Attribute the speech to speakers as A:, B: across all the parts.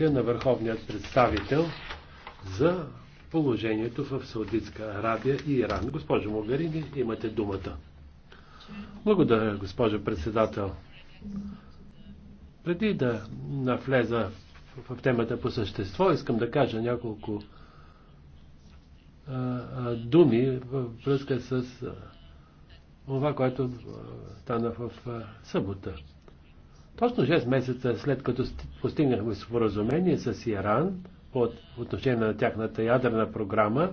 A: на върховният представител за положението в Саудитска Арабия и Иран. Госпожо Могарини, имате думата. Благодаря, госпожо председател. Преди да навлеза в темата по същество, искам да кажа няколко думи във връзка с това, което стана в събота. Точно 6 месеца след като постигнахме споразумение с Иран по отношение на тяхната ядрена програма,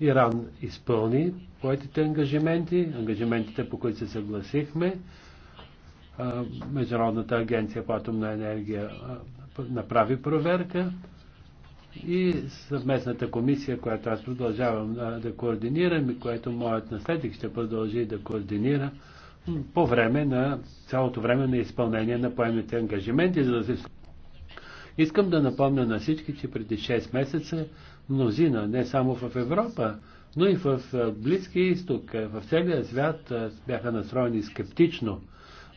A: Иран изпълни поетите ангажименти, ангажиментите по които се съгласихме. Международната агенция по атомна енергия направи проверка и съвместната комисия, която аз продължавам да координирам и което моят наследник ще продължи да координира, по време на цялото време на изпълнение на поемните ангажименти. За да се... Искам да напомня на всички, че преди 6 месеца мнозина, не само в Европа, но и в Близки изток, в целия свят бяха настроени скептично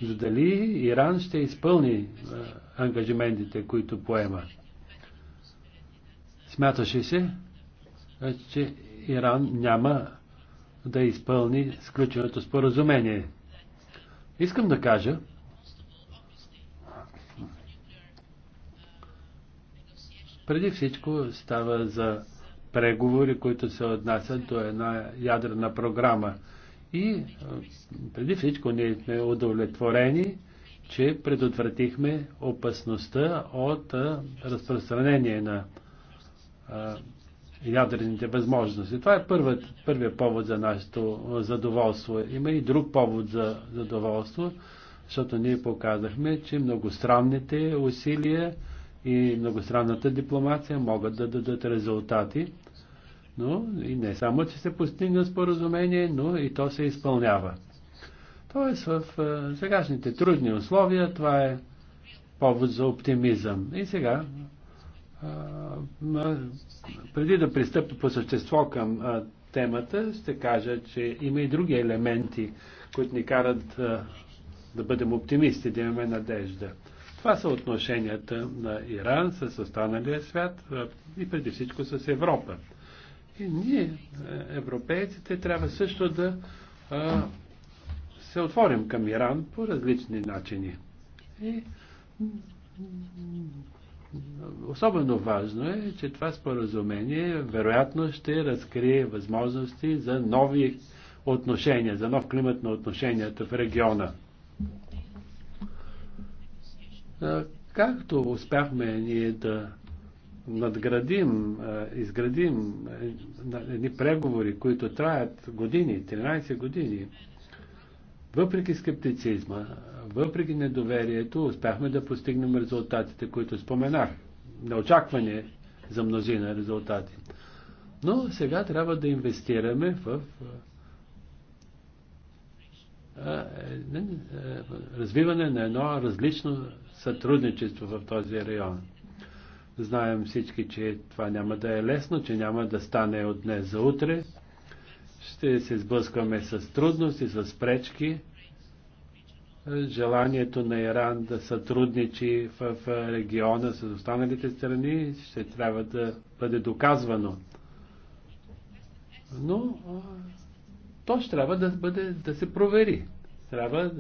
A: за дали Иран ще изпълни ангажиментите, които поема. Смяташе се, че Иран няма да изпълни сключеното споразумение. Искам да кажа, преди всичко става за преговори, които се отнасят до една ядрена програма. И преди всичко ние сме удовлетворени, че предотвратихме опасността от разпространение на ядрените възможности. Това е първият, първият повод за нашето задоволство. Има и друг повод за задоволство, защото ние показахме, че многостранните усилия и многостранната дипломация могат да дадат резултати. Но и не само, че се постигна споразумение, но и то се изпълнява. Тоест в сегашните трудни условия това е повод за оптимизъм. И сега преди да пристъпя по същество към а, темата, ще кажа, че има и други елементи, които ни карат а, да бъдем оптимисти, да имаме надежда. Това са отношенията на Иран с останалия свят а, и преди всичко с Европа. И ние, европейците, трябва също да а, се отворим към Иран по различни начини. И Особено важно е, че това споразумение вероятно ще разкрие възможности за нови отношения, за нов климат на отношенията в региона. Както успяхме ние да надградим, изградим едни преговори, които траят години, 13 години, въпреки скептицизма, въпреки недоверието, успяхме да постигнем резултатите, които споменах. Неочакване за мнозина резултати. Но сега трябва да инвестираме в е, е, развиване на едно различно сътрудничество в този район. Знаем всички, че това няма да е лесно, че няма да стане от днес за утре ще се сблъскваме с трудности, с пречки. Желанието на Иран да сътрудничи в региона с останалите страни ще трябва да бъде доказвано. Но то ще трябва да, бъде, да се провери. Трябва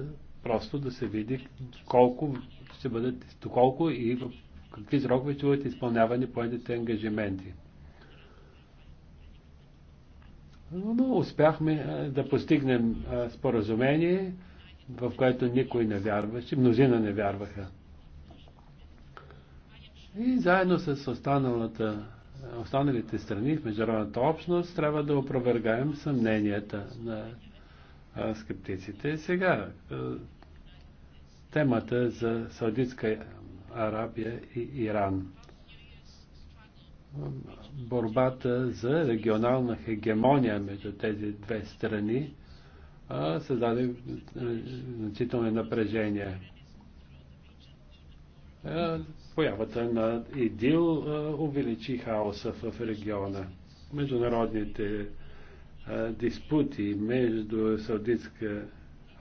A: просто да се види колко ще бъдат, доколко и в какви срокове ще бъдат изпълнявани поетите ангажименти. Но успяхме да постигнем споразумение, в което никой не вярваше, мнозина не вярваха. И заедно с останалата, останалите страни в международната общност трябва да опровергаем съмненията на скептиците. Сега темата за Саудитска Арабия и Иран борбата за регионална хегемония между тези две страни създаде значително напрежение. Появата на ИДИЛ увеличи хаоса в региона. Международните диспути между Саудитска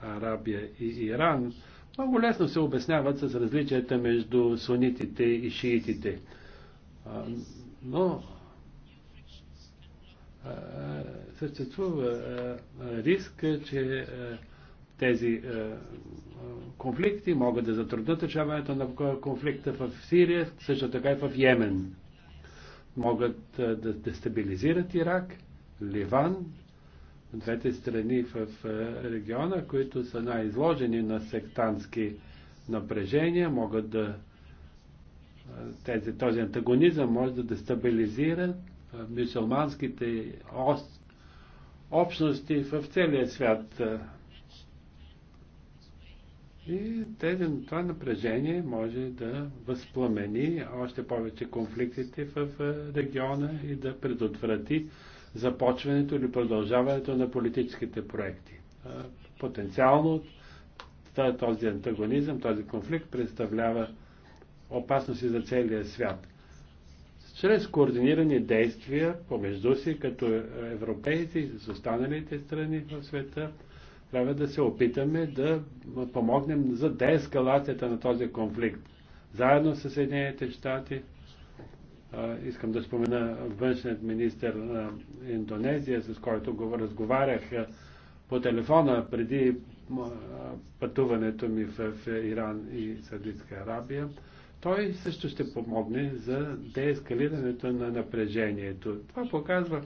A: Арабия и Иран много лесно се обясняват с различията между сунитите и шиитите но съществува риск, че тези конфликти могат да затруднат решаването на конфликта в Сирия, също така и в Йемен. Могат да дестабилизират Ирак, Ливан, двете страни в региона, които са най-изложени на сектантски напрежения, могат да тези, този антагонизъм може да дестабилизира мусулманските общности в целия свят. И тези, това напрежение може да възпламени още повече конфликтите в региона и да предотврати започването или продължаването на политическите проекти. Потенциално този антагонизъм, този конфликт представлява опасности за целия свят. Чрез координирани действия помежду си, като европейци и с останалите страни в света, трябва да се опитаме да помогнем за деескалацията на този конфликт. Заедно с Съединените щати, искам да спомена външният министр на Индонезия, с който го разговарях по телефона преди пътуването ми в Иран и Саудитска Арабия. Той също ще помогне за деескалирането на напрежението. Това показва,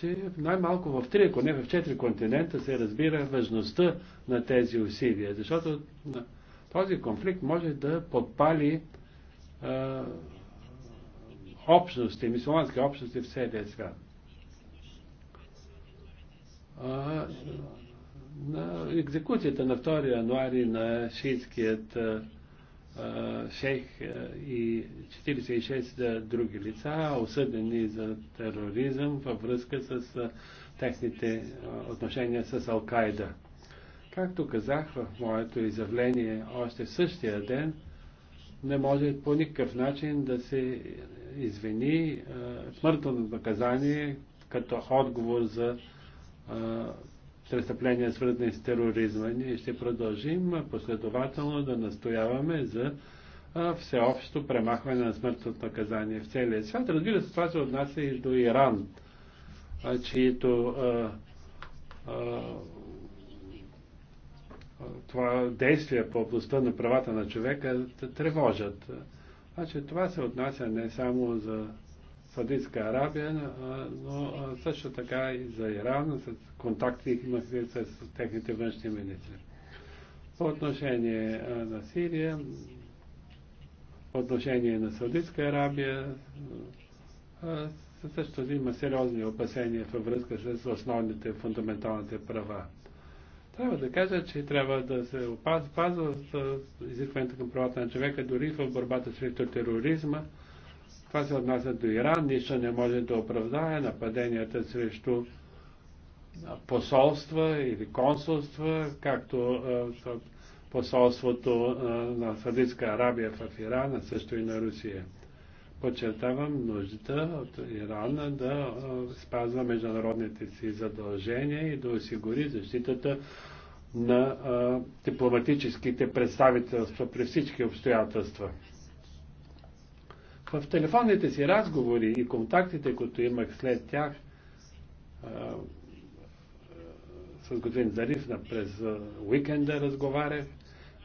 A: че най-малко в три, ако не в четири континента се разбира важността на тези усилия, защото този конфликт може да подпали а, общности, мусулмански общности в целия свят. А, на екзекуцията на 2 януари на шиитският шейх и 46 други лица, осъдени за тероризъм във връзка с техните отношения с Алкайда. Както казах в моето изявление още същия ден, не може по никакъв начин да се извини смъртното наказание като отговор за престъпления, свързани с тероризма. Ние ще продължим последователно да настояваме за всеобщо премахване на смъртното наказание в целия свят. Разбира се, това се отнася и до Иран, чието това действие по областта на правата на човека тревожат. Значи това се отнася не само за Саудитска Арабия, но също така и за Иран, с контакти имахме с техните външни министри. По отношение на Сирия, по отношение на Саудитска Арабия, също има сериозни опасения във връзка с основните фундаменталните права. Трябва да кажа, че трябва да се опазва изискването към правата на човека, дори в борбата срещу тероризма, това се отнася до Иран. Нищо не може да оправдае нападенията срещу посолства или консулства, както посолството на Саудитска Арабия в Иран, а също и на Русия. Подчертавам нуждата от Иран да спазва международните си задължения и да осигури защитата на дипломатическите представителства при всички обстоятелства. В телефонните си разговори и контактите, които имах след тях а, с господин Зариф през уикенда разговарях,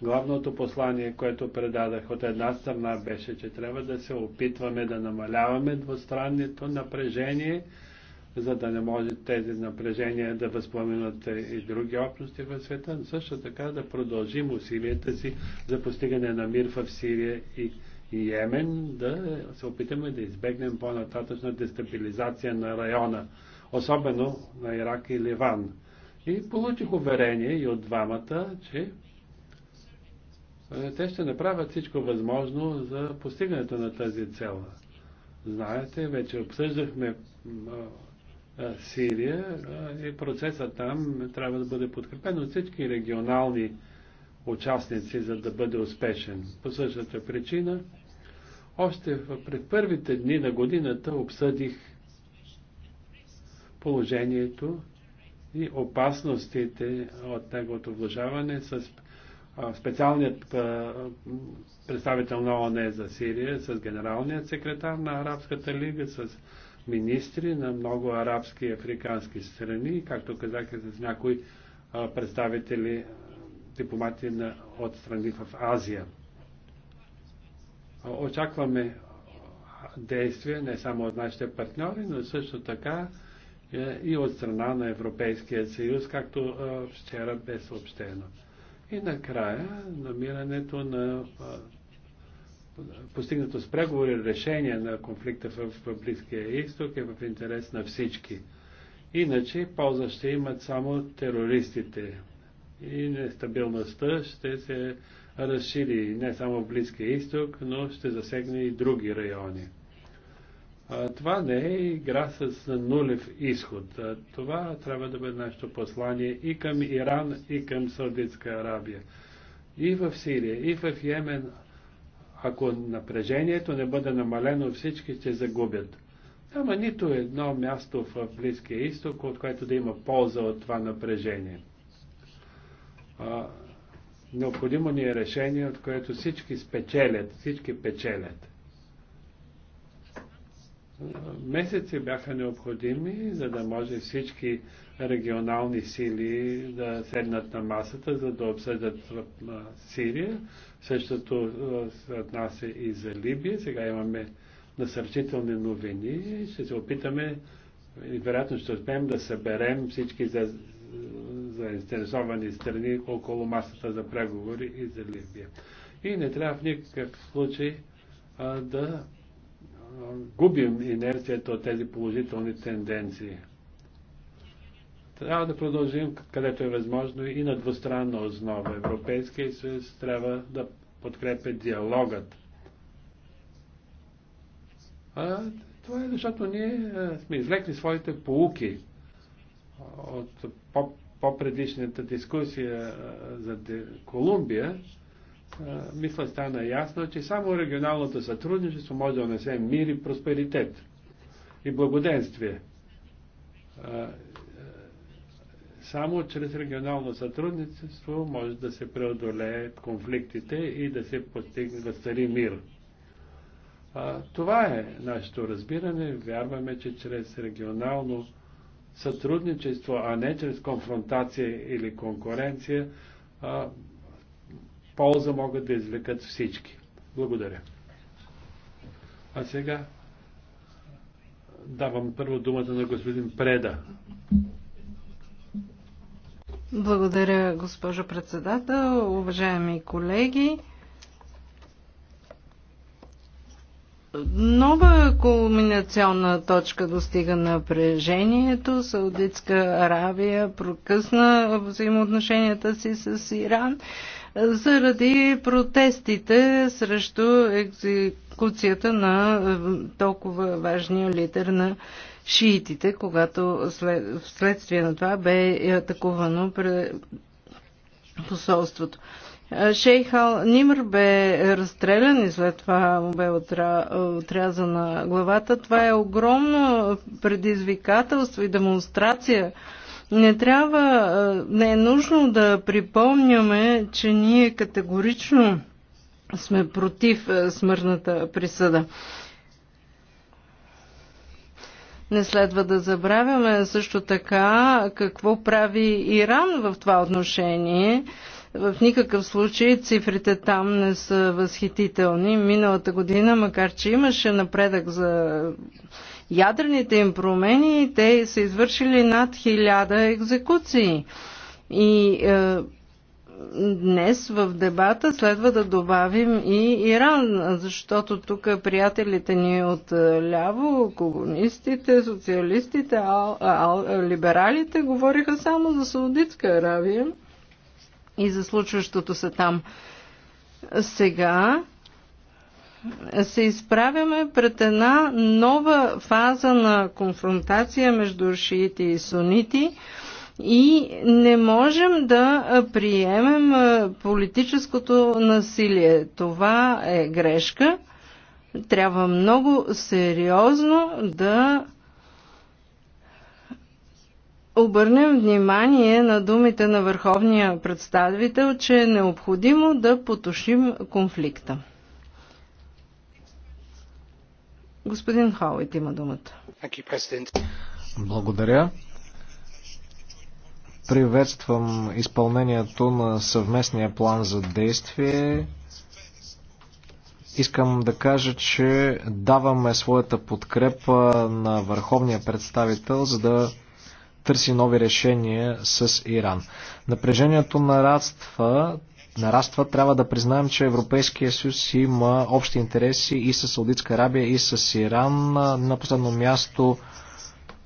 A: главното послание, което предадах от една страна беше, че трябва да се опитваме да намаляваме двустранното напрежение, за да не може тези напрежения да възпоменат и други общности в света, но също така да продължим усилията си за постигане на мир в Сирия и и Йемен, да се опитаме да избегнем по-нататъчна дестабилизация на района, особено на Ирак и Ливан. И получих уверение и от двамата, че е, те ще направят всичко възможно за постигането на тази цел. Знаете, вече обсъждахме Сирия и процесът там трябва да бъде подкрепен от всички регионални участници, за да бъде успешен. По същата причина, още пред първите дни на годината обсъдих положението и опасностите от неговото влажаване с специалният представител на ОНЕ за Сирия, с генералният секретар на Арабската лига, с министри на много арабски и африкански страни, както казах и с някои представители дипломати на, от страни в Азия. Очакваме действия не само от нашите партньори, но също така е, и от страна на Европейския съюз, както вчера бе съобщено. И накрая намирането на постигнато с преговори решение на конфликта в Близкия изток е в интерес на всички. Иначе полза ще имат само терористите и нестабилността ще се разшири не само в Близкия изток, но ще засегне и други райони. това не е игра с нулев изход. това трябва да бъде нашето послание и към Иран, и към Саудитска Арабия. И в Сирия, и в Йемен, ако напрежението не бъде намалено, всички ще загубят. Няма нито едно място в Близкия изток, от което да има полза от това напрежение необходимо ни е решение, от което всички спечелят, всички печелят. Месеци бяха необходими, за да може всички регионални сили да седнат на масата, за да обсъдят Сирия. Същото се нас е и за Либия. Сега имаме насърчителни новини. Ще се опитаме и вероятно ще успеем да съберем всички за заинтересовани страни около масата за преговори и за Либия. И не трябва в никакъв случай а, да а, губим инерцията от тези положителни тенденции. Трябва да продължим където е възможно и на двустранна основа. Европейския съюз трябва да подкрепя диалогът. А, това е защото ние а, сме извлекли своите полуки от по-предишната дискусия за Колумбия, мисля стана ясно, че само регионалното сътрудничество може да унесе мир и просперитет и благоденствие. Само чрез регионално сътрудничество може да се преодолеят конфликтите и да се постигне да стари мир. Това е нашето разбиране. Вярваме, че чрез регионално сътрудничество, а не чрез конфронтация или конкуренция, а, полза могат да извлекат всички. Благодаря. А сега давам първо думата на господин Преда.
B: Благодаря, госпожо председател, уважаеми колеги. Нова е кулминационна точка достига напрежението. Саудитска Аравия прокъсна взаимоотношенията си с Иран заради протестите срещу екзекуцията на е, толкова важния лидер на шиитите, когато след, вследствие на това бе атакувано посолството. Е, Шейхал Нимр бе разстрелян и след това му бе отрязана главата. Това е огромно предизвикателство и демонстрация. Не трябва, е, не е нужно да припомняме, че ние категорично сме против е, смъртната присъда. Не следва да забравяме също така какво прави Иран в това отношение. В никакъв случай цифрите там не са възхитителни. Миналата година, макар че имаше напредък за ядрените им промени, те са извършили над хиляда екзекуции. И е, днес в дебата следва да добавим и Иран, защото тук приятелите ни от е, ляво, комунистите, социалистите, а, а, либералите говориха само за Саудитска Аравия и за случващото се там. Сега се изправяме пред една нова фаза на конфронтация между шиите и сунити и не можем да приемем политическото насилие. Това е грешка. Трябва много сериозно да обърнем внимание на думите на върховния представител, че е необходимо да потушим конфликта. Господин Хауит има думата.
C: Благодаря. Приветствам изпълнението на съвместния план за действие. Искам да кажа, че даваме своята подкрепа на върховния представител, за да търси нови решения с Иран. Напрежението нараства, нараства, трябва да признаем, че Европейския съюз има общи интереси и с Саудитска Арабия, и с Иран. На последно място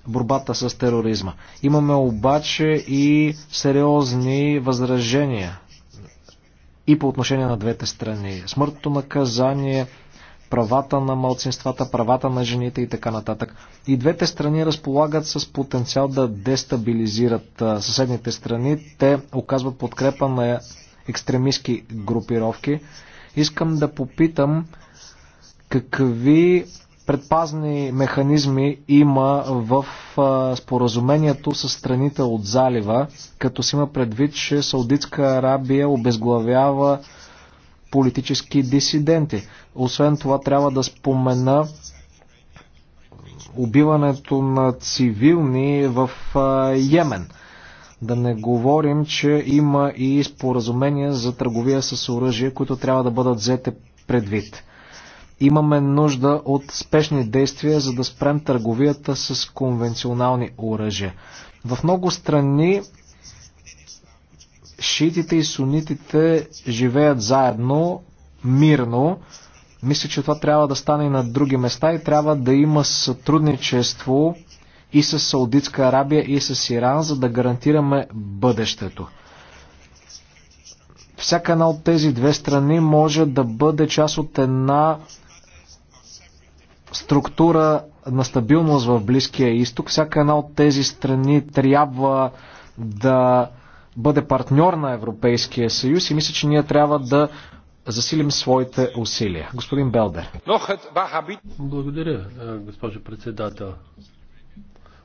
C: борбата с тероризма. Имаме обаче и сериозни възражения и по отношение на двете страни. Смъртното наказание, правата на малцинствата, правата на жените и така нататък. И двете страни разполагат с потенциал да дестабилизират съседните страни. Те оказват подкрепа на екстремистски групировки. Искам да попитам какви предпазни механизми има в споразумението с страните от залива, като си има предвид, че Саудитска Арабия обезглавява политически дисиденти. Освен това трябва да спомена убиването на цивилни в Йемен. Да не говорим, че има и споразумения за търговия с оръжие, които трябва да бъдат взете предвид. Имаме нужда от спешни действия, за да спрем търговията с конвенционални оръжия. В много страни шиитите и сунитите живеят заедно, мирно. Мисля, че това трябва да стане и на други места и трябва да има сътрудничество и с Саудитска Арабия, и с Иран, за да гарантираме бъдещето. Всяка една от тези две страни може да бъде част от една структура на стабилност в Близкия изток. Всяка една от тези страни трябва да бъде партньор на Европейския съюз и мисля, че ние трябва да засилим своите усилия. Господин Белдер.
A: Благодаря, госпожо председател.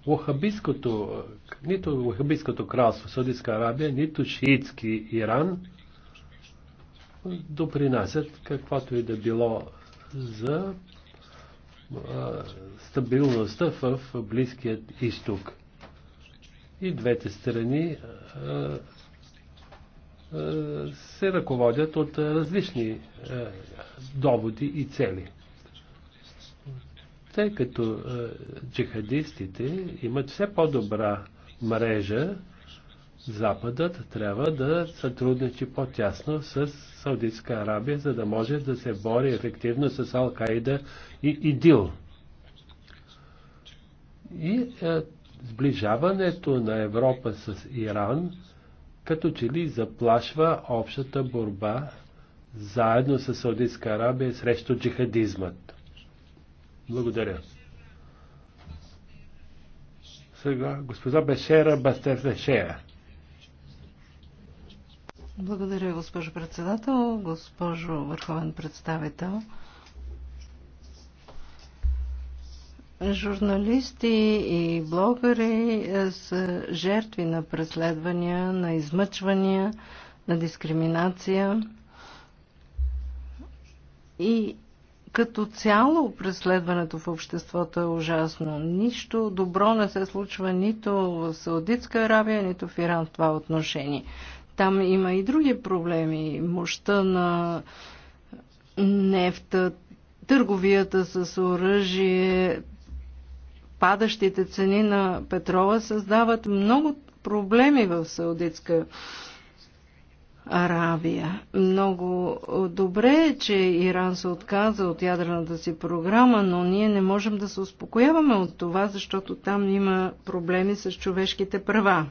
A: Лохабиското, нито Лохабиското кралство Саудитска Арабия, нито шиитски Иран допринасят каквато и да било за стабилността в Близкият изток и двете страни се ръководят от различни доводи и цели. Тъй като джихадистите имат все по-добра мрежа, Западът трябва да сътрудничи по-тясно с Саудитска Арабия, за да може да се бори ефективно с Ал-Каида и ИДИЛ. И сближаването на Европа с Иран като че ли заплашва общата борба заедно с Саудитска Арабия срещу джихадизмът. Благодаря. Сега госпожа Бешера Бастер Бешера.
B: Благодаря, госпожо председател, госпожо върховен представител. Журналисти и блогъри е, са жертви на преследвания, на измъчвания, на дискриминация. И като цяло преследването в обществото е ужасно. Нищо добро не се случва нито в Саудитска Аравия, нито в Иран в това отношение. Там има и други проблеми. Мощта на нефта, търговията с оръжие, падащите цени на петрола създават много проблеми в Саудитска Арабия. Много добре е, че Иран се отказа от ядрената си програма, но ние не можем да се успокояваме от това, защото там има проблеми с човешките права.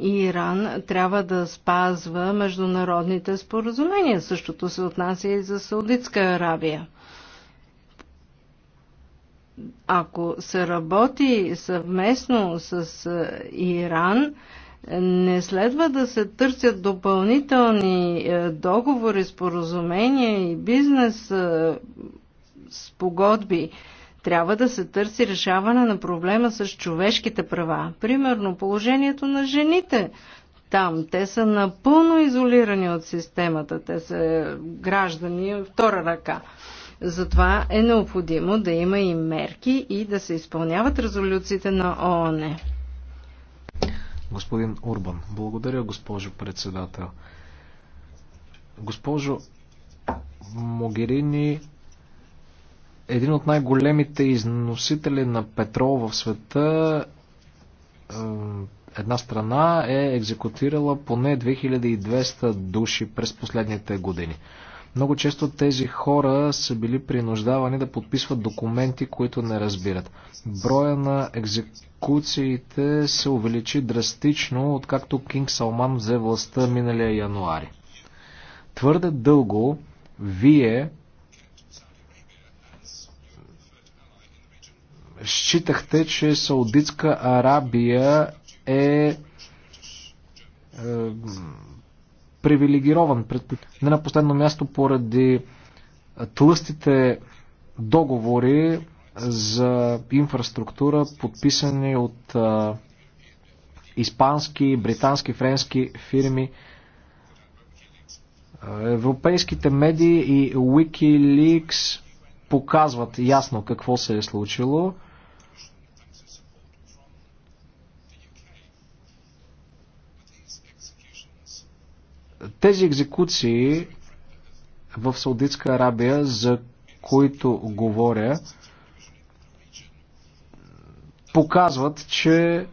B: Иран трябва да спазва международните споразумения. Същото се отнася и за Саудитска Арабия ако се работи съвместно с е, Иран, не следва да се търсят допълнителни е, договори, споразумения и бизнес е, погодби, Трябва да се търси решаване на проблема с човешките права. Примерно положението на жените там. Те са напълно изолирани от системата. Те са граждани втора ръка. Затова е необходимо да има и мерки и да се изпълняват резолюциите на ООН.
C: Господин Урбан, благодаря, госпожо председател. Госпожо Могерини, един от най-големите износители на петрол в света, една страна е екзекутирала поне 2200 души през последните години. Много често тези хора са били принуждавани да подписват документи, които не разбират. Броя на екзекуциите се увеличи драстично, откакто Кинг Салман взе властта миналия януари. Твърде дълго вие считахте, че Саудитска Арабия е, е привилегирован. Не на последно място поради тлъстите договори за инфраструктура, подписани от а, испански, британски, френски фирми. Европейските медии и Wikileaks показват ясно какво се е случило. Тези екзекуции в Саудитска Арабия, за които говоря, показват, че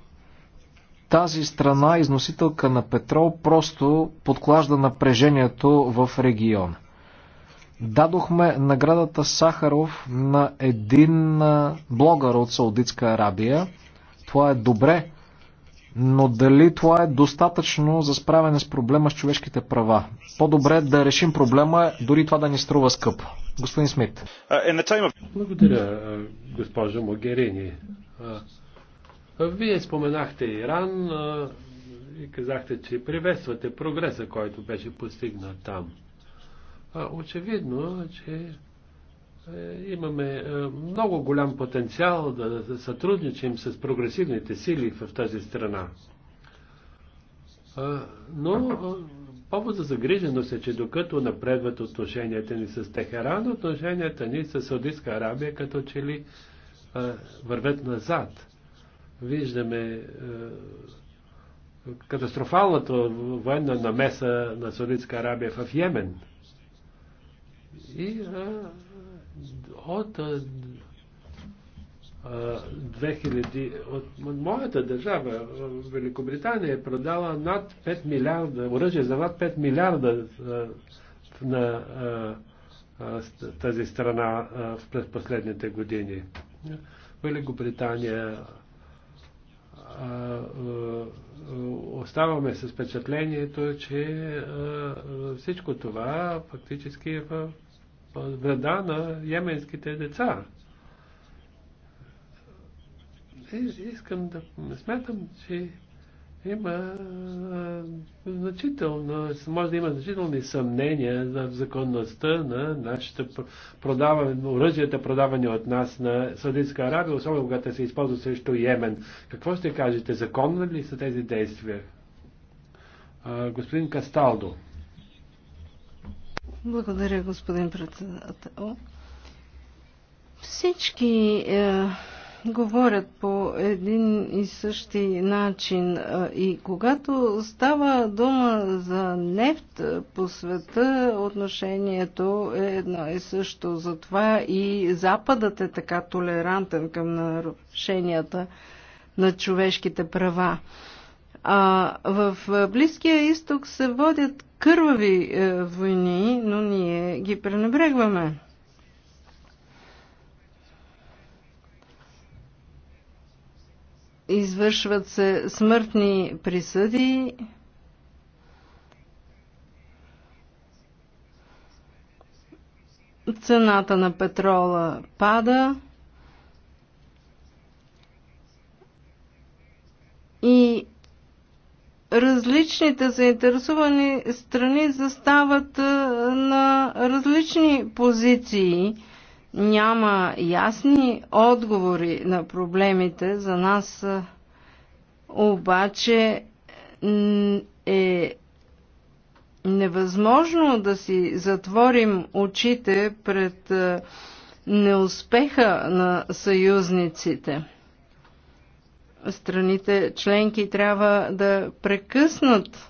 C: тази страна, износителка на петрол, просто подклажда напрежението в региона. Дадохме наградата Сахаров на един блогър от Саудитска Арабия. Това е добре, но дали това е достатъчно за справяне с проблема с човешките права? По-добре да решим проблема, дори това да ни струва скъпо. Господин Смит.
A: Uh, Благодаря, uh, госпожо Могерини. Uh, вие споменахте Иран и казахте, че приветствате прогреса, който беше постигнат там. Очевидно, че е, имаме е, много голям потенциал да сътрудничим с прогресивните сили в тази страна. Е, но повод за загриженост е, че докато напредват отношенията ни с Техеран, отношенията ни с Саудитска Арабия като че ли вървят назад. Виждаме катастрофалната военна намеса на Саудитска Арабия в Йемен. И от, а, 2000, от моята държава, Великобритания, е продала над 5 милиарда, оръжие за над 5 милиарда а, на а, а, тази страна а, през последните години. Великобритания оставаме с впечатлението, че всичко това фактически е в вреда на йеменските деца. И, искам да смятам, че има значително, може да има значителни съмнения за законността на нашите продаване, оръжията продавани от нас на Саудитска Арабия, особено когато се използва срещу Йемен. Какво ще кажете? Законни ли са тези действия? господин Касталдо.
B: Благодаря, господин председател. Всички е, говорят по един и същи начин. Е, и когато става дума за нефт е, по света, отношението е едно и също. Затова и Западът е така толерантен към нарушенията на човешките права. А в Близкия изток се водят кървави е, войни, но ние ги пренебрегваме. Извършват се смъртни присъди. Цената на петрола пада. И различните заинтересовани страни застават на различни позиции. Няма ясни отговори на проблемите. За нас обаче е невъзможно да си затворим очите пред неуспеха на съюзниците страните членки трябва да прекъснат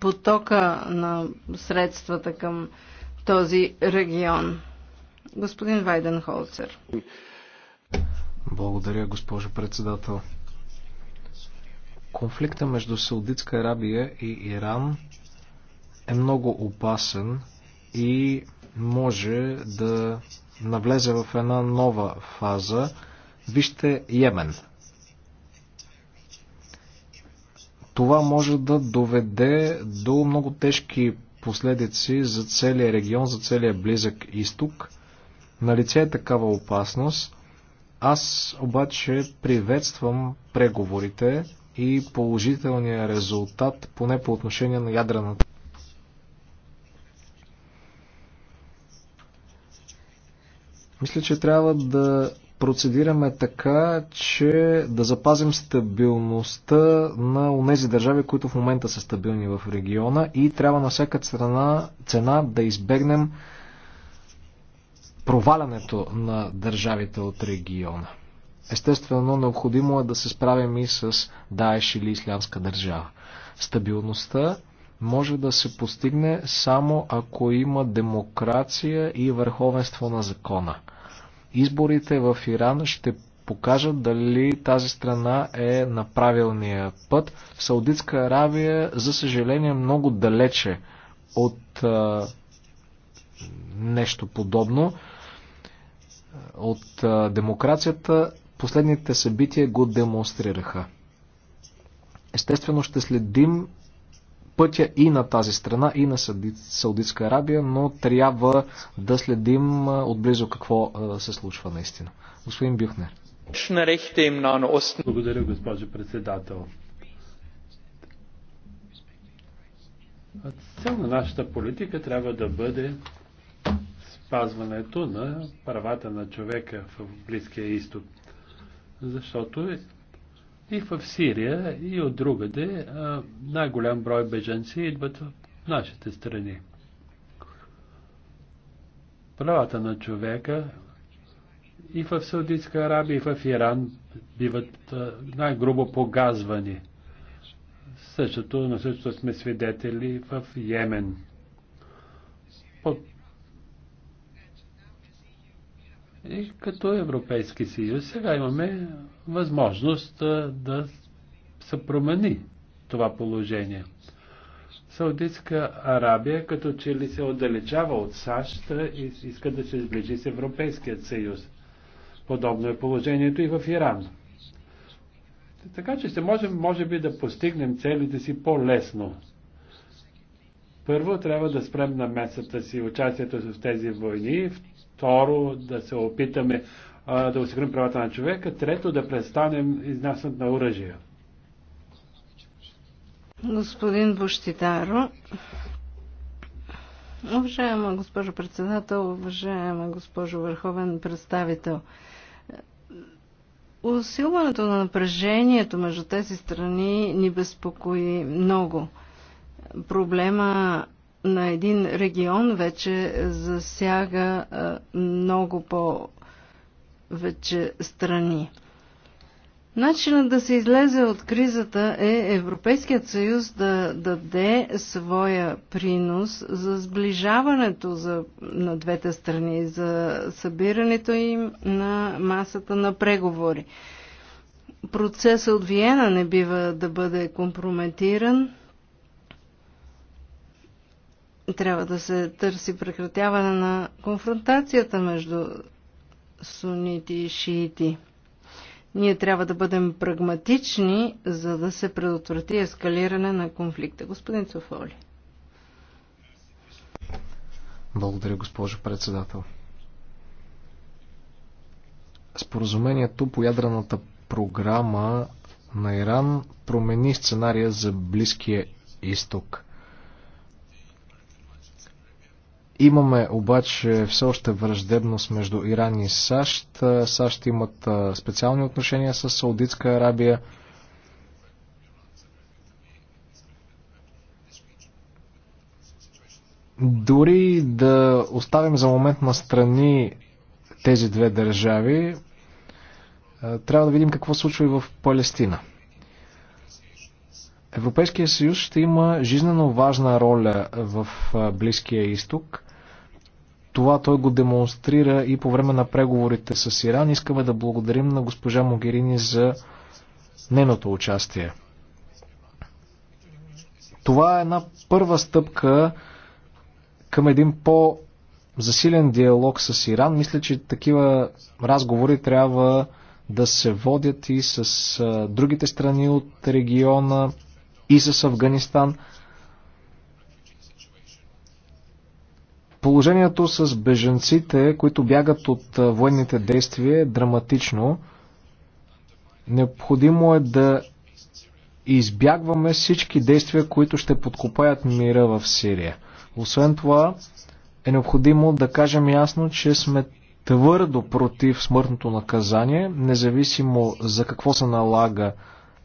B: потока на средствата към този регион. Господин Вайден Холцер.
C: Благодаря, госпожо председател. Конфликта между Саудитска Арабия и Иран е много опасен и може да навлезе в една нова фаза. Вижте Йемен. Това може да доведе до много тежки последици за целия регион, за целия близък изток. лице е такава опасност. Аз обаче приветствам преговорите и положителния резултат, поне по отношение на ядрената. Мисля, че трябва да процедираме така, че да запазим стабилността на тези държави, които в момента са стабилни в региона и трябва на всяка страна, цена да избегнем провалянето на държавите от региона. Естествено, необходимо е да се справим и с Даеш или Ислямска държава. Стабилността може да се постигне само ако има демокрация и върховенство на закона – изборите в Иран ще покажат дали тази страна е на правилния път. Саудитска Аравия, за съжаление, е много далече от а, нещо подобно. От а, демокрацията последните събития го демонстрираха. Естествено ще следим пътя и на тази страна, и на Саудитска Арабия, но трябва да следим отблизо какво се случва наистина. Господин Бюхнер.
A: Благодаря, госпожо председател. Цел на нашата политика трябва да бъде спазването на правата на човека в Близкия изток, защото и в Сирия, и от другаде най-голям брой беженци идват в нашите страни. Правата на човека и в Саудитска Арабия, и в Иран биват най-грубо погазвани. Същото, на същото сме свидетели в Йемен. И като Европейски съюз сега имаме възможност да се промени това положение. Саудитска Арабия като че ли се отдалечава от САЩ и иска да се сближи с Европейският съюз. Подобно е положението и в Иран. Така че ще можем, може би, да постигнем целите си по-лесно. Първо трябва да спрем на месата си участието в тези войни, Второ, да се опитаме а, да осигурим правата на човека. Трето, да престанем изнасят на оръжия.
B: Господин Буштитаро, уважаема госпожо председател, уважаема госпожо върховен представител, усилването на напрежението между тези страни ни безпокои много. Проблема на един регион вече засяга много по вече страни. Начинът да се излезе от кризата е Европейският съюз да даде своя принос за сближаването за, на двете страни, за събирането им на масата на преговори. Процесът от Виена не бива да бъде компрометиран трябва да се търси прекратяване на конфронтацията между сунити и шиити. Ние трябва да бъдем прагматични, за да се предотврати ескалиране на конфликта. Господин Цофоли.
C: Благодаря, госпожо председател. Споразумението по ядрената програма на Иран промени сценария за Близкия изток. Имаме обаче все още враждебност между Иран и САЩ. САЩ имат специални отношения с Саудитска Арабия. Дори да оставим за момент на страни тези две държави, трябва да видим какво случва и в Палестина. Европейския съюз ще има жизненно важна роля в Близкия изток. Това той го демонстрира и по време на преговорите с Иран. Искаме да благодарим на госпожа Могерини за нейното участие. Това е една първа стъпка към един по- засилен диалог с Иран. Мисля, че такива разговори трябва да се водят и с другите страни от региона, и с Афганистан. Положението с беженците, които бягат от военните действия, е драматично. Необходимо е да избягваме всички действия, които ще подкопаят мира в Сирия. Освен това, е необходимо да кажем ясно, че сме твърдо против смъртното наказание, независимо за какво се налага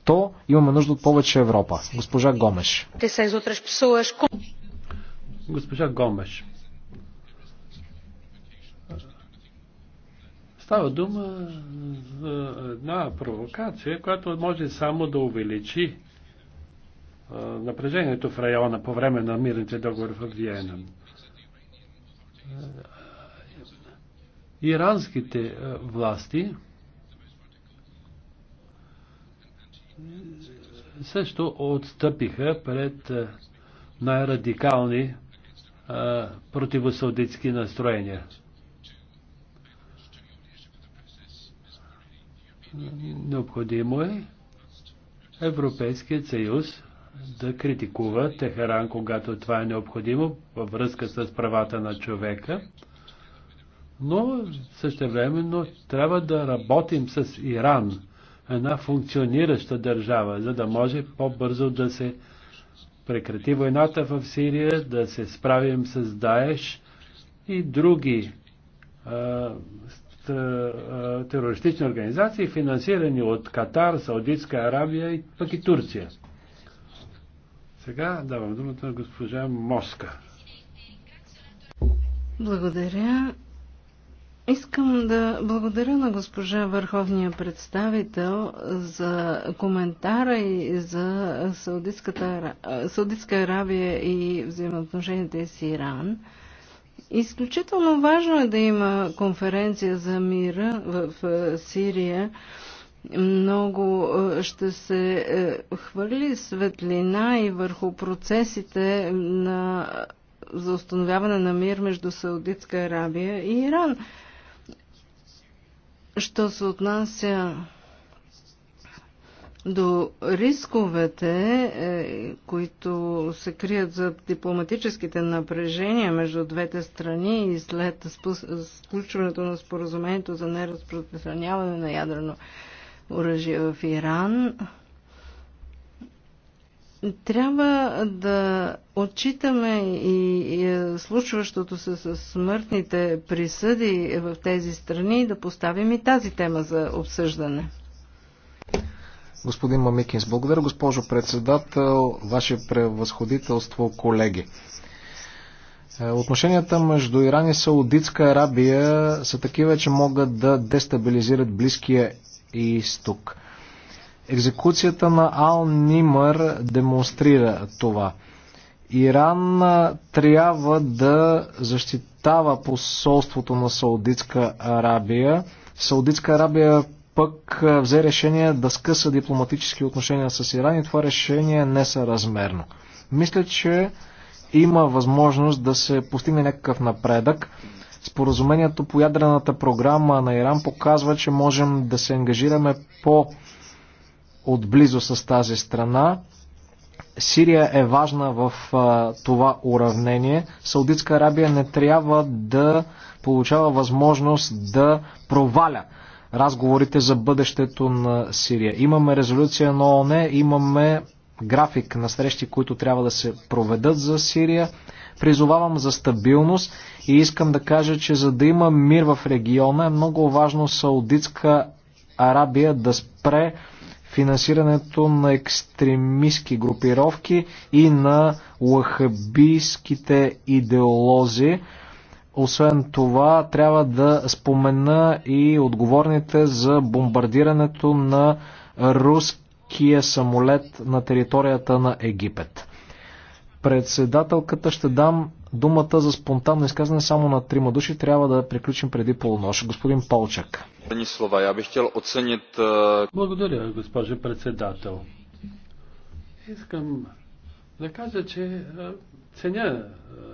C: то имаме нужда от повече Европа. Госпожа Гомеш. Госпожа Гомеш.
A: Става дума за една провокация, която може само да увеличи напрежението в района по време на мирните договори в Виена. Иранските власти също отстъпиха пред най-радикални противосаудитски настроения. Необходимо е Европейският съюз да критикува Техеран, когато това е необходимо във връзка с правата на човека, но същевременно трябва да работим с Иран една функционираща държава, за да може по-бързо да се прекрати войната в Сирия, да се справим с Даеш и други а, терористични организации, финансирани от Катар, Саудитска Арабия и пък и Турция. Сега давам думата на госпожа Моска.
B: Благодаря. Искам да благодаря на госпожа Върховния представител за коментара и за Саудитската, Саудитска Аравия и взаимоотношенията с Иран. Изключително важно е да има конференция за мира в Сирия. Много е, ще се е, хвърли светлина и върху процесите на, за установяване на мир между Саудитска Арабия и Иран. Що се отнася до рисковете, е, които се крият за дипломатическите напрежения между двете страни и след сключването на споразумението за неразпространяване на ядрено оръжие в Иран, трябва да отчитаме и е, случващото се с смъртните присъди в тези страни и да поставим и тази тема за обсъждане.
C: Господин Мамикинс, благодаря, госпожо председател, ваше превъзходителство, колеги. Е, отношенията между Иран и Саудитска Арабия са такива, че могат да дестабилизират Близкия изток. Екзекуцията на Ал Нимър демонстрира това. Иран трябва да защитава посолството на Саудитска Арабия. Саудитска Арабия пък взе решение да скъса дипломатически отношения с Иран и това решение е не са размерно. Мисля, че има възможност да се постигне някакъв напредък. Споразумението по ядрената програма на Иран показва, че можем да се ангажираме по отблизо с тази страна. Сирия е важна в а, това уравнение. Саудитска Арабия не трябва да получава възможност да проваля разговорите за бъдещето на Сирия. Имаме резолюция на ООН, имаме график на срещи, които трябва да се проведат за Сирия. Призовавам за стабилност и искам да кажа, че за да има мир в региона е много важно Саудитска Арабия да спре финансирането на екстремистски групировки и на лахабийските идеолози. Освен това, трябва да спомена и отговорните за бомбардирането на руския самолет на територията на Египет. Председателката ще дам думата за спонтанно изказване само на трима души. Трябва да приключим преди полунощ. Господин Полчак. Благодаря, госпожо
A: председател.
C: Искам да
A: кажа, че ценя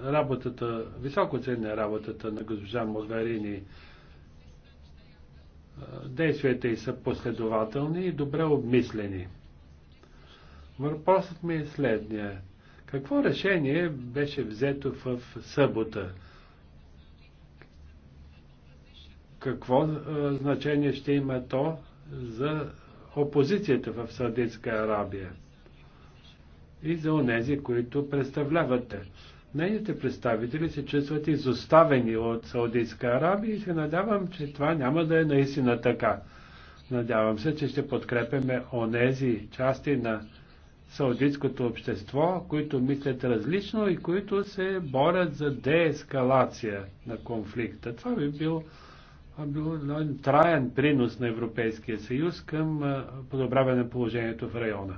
A: работата, високо ценя работата на госпожа Могарини. Действията й са последователни и добре обмислени. Въпросът ми е следният какво решение беше взето в събота? Какво е, значение ще има то за опозицията в Саудитска Арабия и за онези, които представлявате? Нейните представители се чувстват изоставени от Саудитска Арабия и се надявам, че това няма да е наистина така. Надявам се, че ще подкрепяме онези части на саудитското общество, които мислят различно и които се борят за деескалация на конфликта. Това би бил, бил траен принос на Европейския съюз към подобряване на положението в района.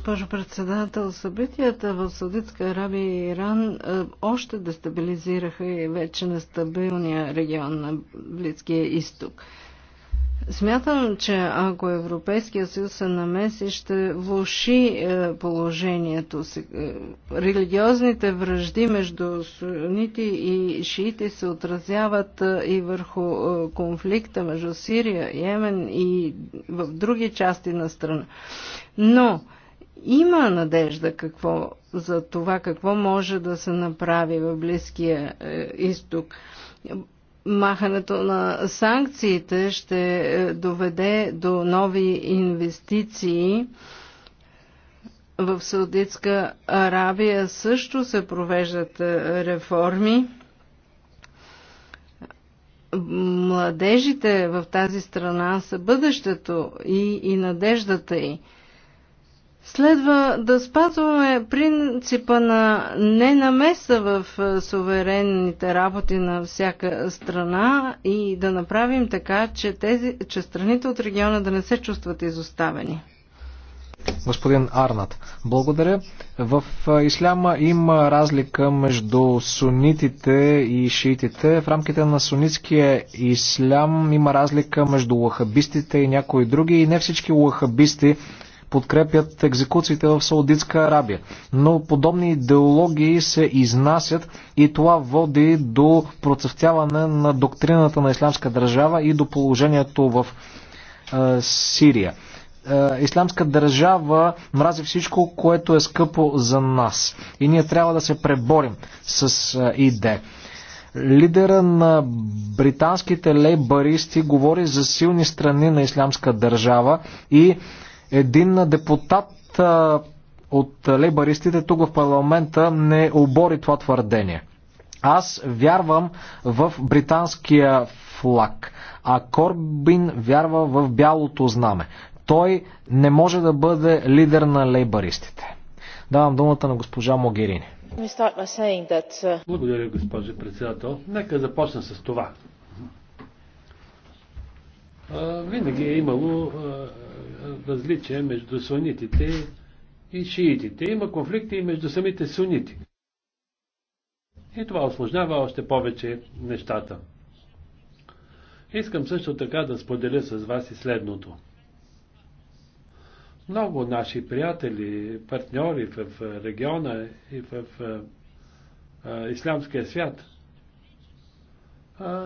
B: Госпожо председател, събитията в Саудитска Арабия и Иран е, още дестабилизираха и вече нестабилния регион на Близкия изток. Смятам, че ако Европейския съюз се намеси, ще влуши е, положението. Е, религиозните връжди между сунити и шиити се отразяват и върху конфликта между Сирия, Йемен и в други части на страна. Но има надежда какво, за това какво може да се направи в Близкия е, изток. Махането на санкциите ще е, доведе до нови инвестиции. В Саудитска Арабия също се провеждат е, реформи. Младежите в тази страна са бъдещето и, и надеждата й. Следва да спазваме принципа на ненамеса в е, суверенните работи на всяка страна и да направим така, че, тези, че страните от региона да не се чувстват изоставени.
C: Господин Арнат, благодаря. В е, исляма има разлика между сунитите и шиитите. В рамките на сунитския ислям има разлика между лахабистите и някои други и не всички лахабисти подкрепят екзекуциите в Саудитска Арабия. Но подобни идеологии се изнасят и това води до процъфтяване на доктрината на ислямска държава и до положението в е, Сирия. исламска държава мрази всичко, което е скъпо за нас. И ние трябва да се преборим с ИД. идея. Лидера на британските лейбаристи говори за силни страни на ислямска държава и един депутат от лейбаристите тук в парламента не обори това твърдение. Аз вярвам в британския флаг, а Корбин вярва в бялото знаме. Той не може да бъде лидер на лейбаристите. Давам думата на госпожа Могерини.
B: Uh,
C: Благодаря, госпожа председател.
A: Нека започна с това винаги е имало различия между сунитите и шиитите. Има конфликти и между самите сунити. И това осложнява още повече нещата. Искам също така да споделя с вас и следното. Много наши приятели, партньори в региона и в ислямския свят –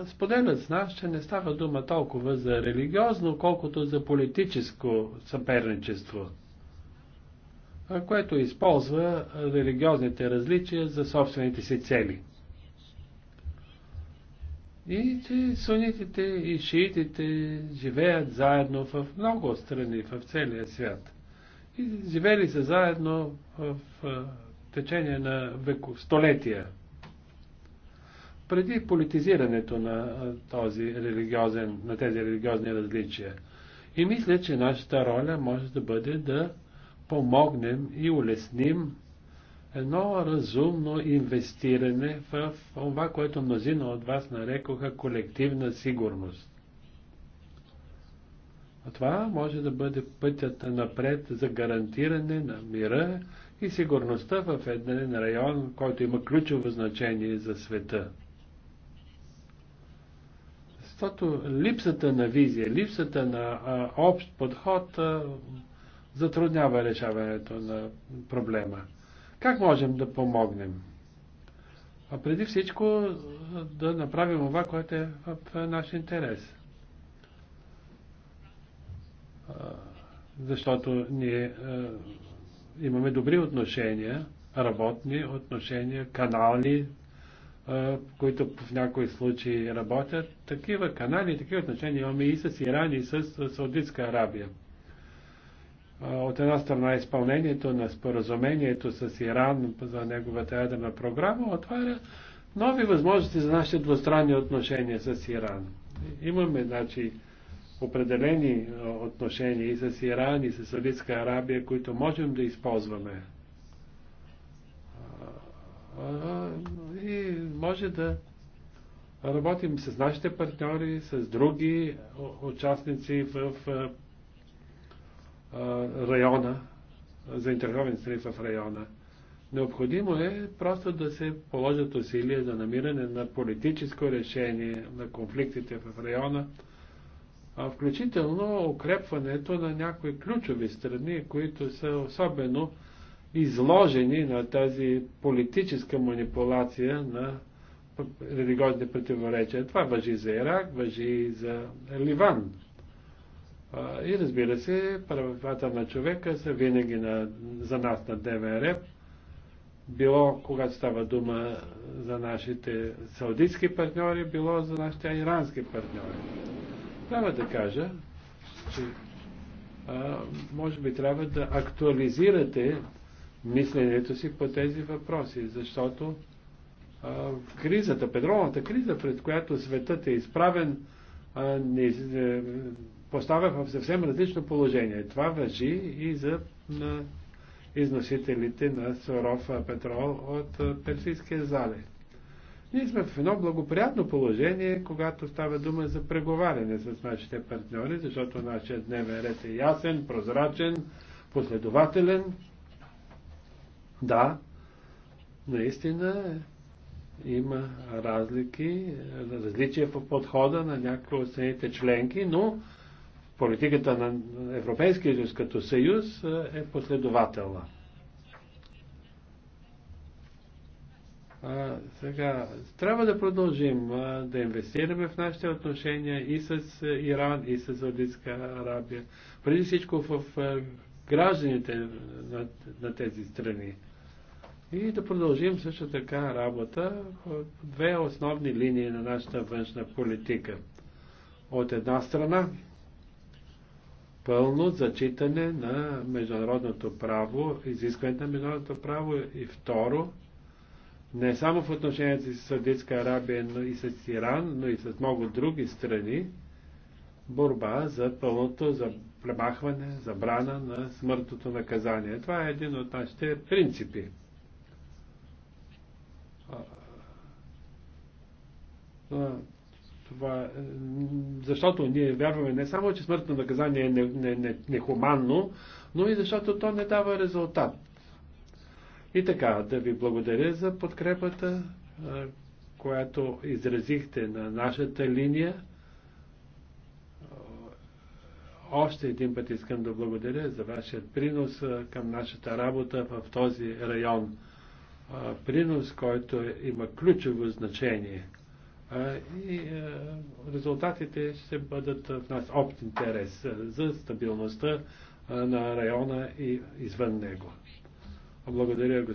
A: споделят с нас, че не става дума толкова за религиозно, колкото за политическо съперничество, което използва религиозните различия за собствените си цели. И че сунитите и шиитите живеят заедно в много страни в целия свят. И живели са заедно в течение на веко, столетия преди политизирането на, този религиозен, на тези религиозни различия. И мисля, че нашата роля може да бъде да помогнем и улесним едно разумно инвестиране в това, което мнозина от вас нарекоха колективна сигурност. А това може да бъде пътят напред за гарантиране на мира и сигурността в един район, който има ключово значение за света. Защото липсата на визия, липсата на а, общ подход а, затруднява решаването на проблема. Как можем да помогнем? А преди всичко да направим това, което е в наш интерес. Защото ние имаме добри отношения, работни отношения, канални които в някои случаи работят. Такива канали, такива отношения имаме и с Иран, и с Саудитска Арабия. От една страна изпълнението на споразумението с Иран за неговата ядрена програма отваря нови възможности за нашите двустранни отношения с Иран. Имаме, значи, определени отношения и с Иран, и с Саудитска Арабия, които можем да използваме и може да работим с нашите партньори, с други участници в района, заинтересовани страни в района. Необходимо е просто да се положат усилия за намиране на политическо решение на конфликтите в района, включително укрепването на някои ключови страни, които са особено изложени на тази политическа манипулация на религиозни противоречия. Това въжи за Ирак, въжи и за Ливан. И разбира се, правата на човека са винаги на, за нас на ДВР. Било когато става дума за нашите саудитски партньори, било за нашите ирански партньори. Трябва да кажа, че а, може би трябва да актуализирате мисленето си по тези въпроси, защото а, кризата, петролната криза, пред която светът е изправен, а, не, не, поставя в съвсем различно положение. Това въжи и за на износителите на суров петрол от Персийския залив. Ние сме в едно благоприятно положение, когато става дума за преговаряне с нашите партньори, защото нашия дневен ред е ясен, прозрачен, последователен да, наистина има разлики, различия в подхода на някои от страните членки, но политиката на Европейския съюз като съюз е, е последователна. А, сега, трябва да продължим а, да инвестираме в нашите отношения и с Иран, и с Саудитска Арабия. Преди всичко в в гражданите на, на тези страни и да продължим също така работа в две основни линии на нашата външна политика. От една страна, пълно зачитане на международното право, изискването на международното право и второ, не само в отношенията си с Саудитска Арабия, но и с Иран, но и с много други страни, борба за пълното за премахване, забрана на смъртното наказание. Това е един от нашите принципи. това, е, защото ние вярваме не само, че смъртно наказание е нехуманно, не, не, не но и защото то не дава резултат. И така, да ви благодаря за подкрепата, която изразихте на нашата линия. Още един път искам да благодаря за вашия принос към нашата работа в този район. Принос, който има ключово значение и е, резултатите ще бъдат в нас общ интерес е, за
C: стабилността е, на района и извън него. Благодаря,